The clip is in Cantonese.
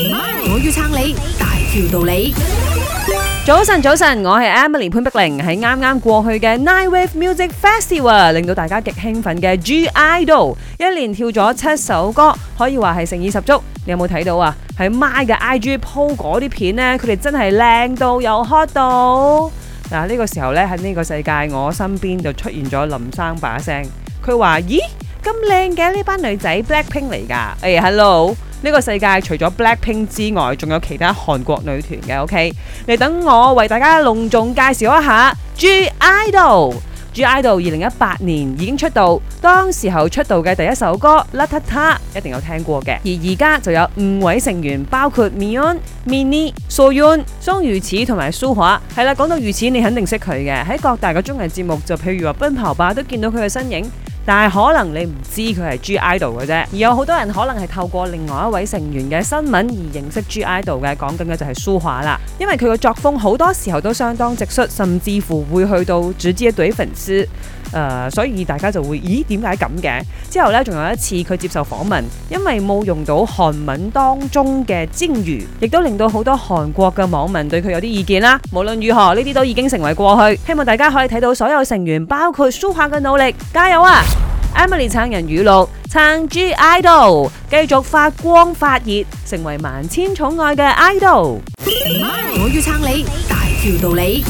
嗯、我要撐你，大條道理。早晨，早晨，我係 Emily 潘碧玲，喺啱啱過去嘅 Nai i Wave Music Festival，令到大家極興奮嘅 G I DO l 一連跳咗七首歌，可以話係誠意十足。你有冇睇到啊？喺 My 嘅 I G po 嗰啲片呢，佢哋真係靚到又 hot 到。嗱、啊、呢、這個時候咧，喺呢個世界，我身邊就出現咗林生把聲，佢話：咦，咁靚嘅呢班女仔，Blackpink 嚟噶？誒、hey,，Hello。呢個世界除咗 BLACKPINK 之外，仲有其他韓國女團嘅，OK？嚟等我為大家隆重介紹一下 J-Idol。J-Idol 二零一八年已經出道，當時候出道嘅第一首歌《Letta》一定有聽過嘅。而而家就有五位成員，包括 m, m i、so、y n MINI、SOYOUNG、uh、張雨同埋蘇華。係啦，講到如此你肯定識佢嘅，喺各大嘅綜藝節目，就譬如話《奔跑吧》都見到佢嘅身影。但係可能你唔知佢係 g i d o l 嘅啫，而有好多人可能係透過另外一位成員嘅新聞而認識 g i d o l 嘅，講緊嘅就係蘇華啦，因為佢嘅作風好多時候都相當直率，甚至乎會去到主織一隊粉絲。誒，uh, 所以大家就會，咦，點解咁嘅？之後咧，仲有一次佢接受訪問，因為冇用到韓文當中嘅蒸魚，亦都令到好多韓國嘅網民對佢有啲意見啦。無論如何，呢啲都已經成為過去。希望大家可以睇到所有成員，包括蘇帕嘅努力，加油啊！Emily 撐人語錄，撐 G Idol，繼續發光發熱，成為萬千寵愛嘅 Idol。 我要撐你，大條道理。